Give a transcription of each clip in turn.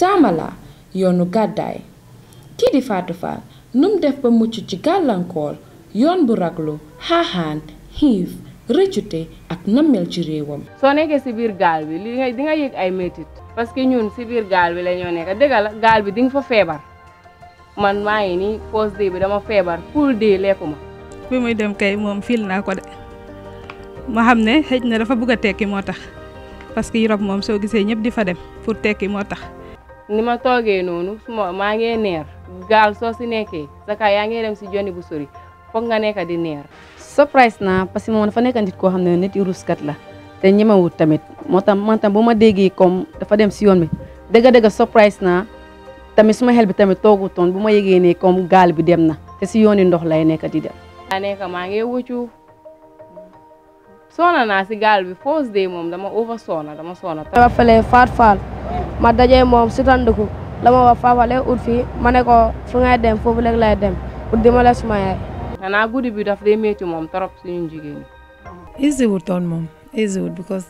taamala yoonu gàddaay kii di Fatou Fall num def ba mucc ci gàllankoor yoon bu raglu xaaxaan xiif rëccute ak nammel ci réewam. soo nekkee si biir gaal bi li nga yëg ay métit parce que ñun si biir gaal bi la ñoo nekk dëgg la gaal bi di fa feebar man maa ngi nii pause day bi dama feebar full day lekkuma. bi muy dem kay moom fil naa ko de ma xam ne xëj na dafa bugg a tekki moo tax parce que Europe moom soo gisee ñëpp di fa dem pour tekki moo tax. ni ma toogee noonu su ma maa ngee neer gaal soo si nekkee sa yaa ngi dem si joni bu sori foog nga nekk di neer. surprise naa parce que moom dafa nekk nit koo xam ne nit yu ruskat la te ñemewut tamit moo tax man tam bu ma déggee comme dafa dem si yoon bi dëgg-dëgg surprise naa tamit suma xel bi tamit toogutoon bu ma yëgee ne comme gaal bi dem na te si yooni ndox lay nekk di dem. maa nekk maa ngi wuccu soona naa si gaal bi foos de moom dama over soona dama soona. dafa fële faat faal. ma dajee moom si tandiku la ma wax faafale ut fii ma ne ko fu ngay dem foofu léegi lay dem ut dimbale suma yaay. xanaa guddi bi daf dee métti moom trop suñu jigéen ñi. easy wul toon moom easy wul because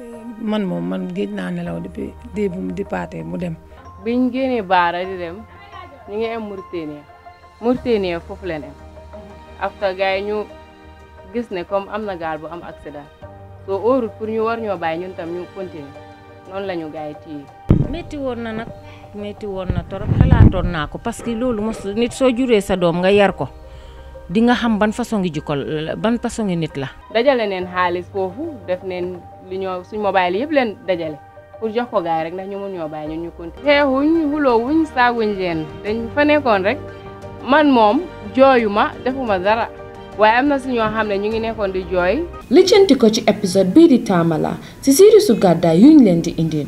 eh, man moom man géej naa nelaw depuis démb mu di paatee mu dem. biñ génnee baara di dem ñu ngi am Mauritanie Mauritanie foofu la dem after yi ñu gis ne comme am na gaal bu am accident soo óorut pour ñu war ñoo bàyyi ñun tam ñu continuer. noonu la ñu gars yi téye. woon na nag métti woon na torop xalaatoon naa ko parce que loolu mos nit soo juree sa doom nga yar ko di nga xam ban façon ngi jikko ban façon nit la. dajale neen xaalis foofu def neen li ñoo suñ mobile yëpp leen dajale pour jox ko gars yi rek ndax ñu mun ñoo bàyyi ñun ñu continué. xeexuñ xuloowuñ saaguñ leen dañ fa nekkoon rek man moom jooyu ma defuma dara. waaye am na si ñoo xam ne ñu ngi nekkoon di jooy. lijjanti ko ci épisode bii di Tambala si sirisu gàddaay yuñ leen di indil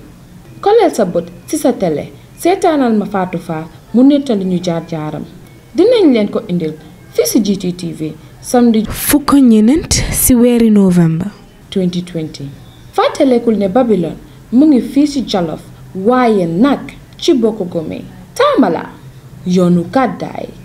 koleel sa bët si sa tele seetaanal ma faatu Fall mu nettali ñu jaar jaaram dinañ leen ko indil fii si GTTV samedi. fukk ñenent ci weeri novembre. 2020 fàttalekul ne Babylone mu ngi fii si Jolof waaye nag ci bokk gome Tambala yoonu gàddaay.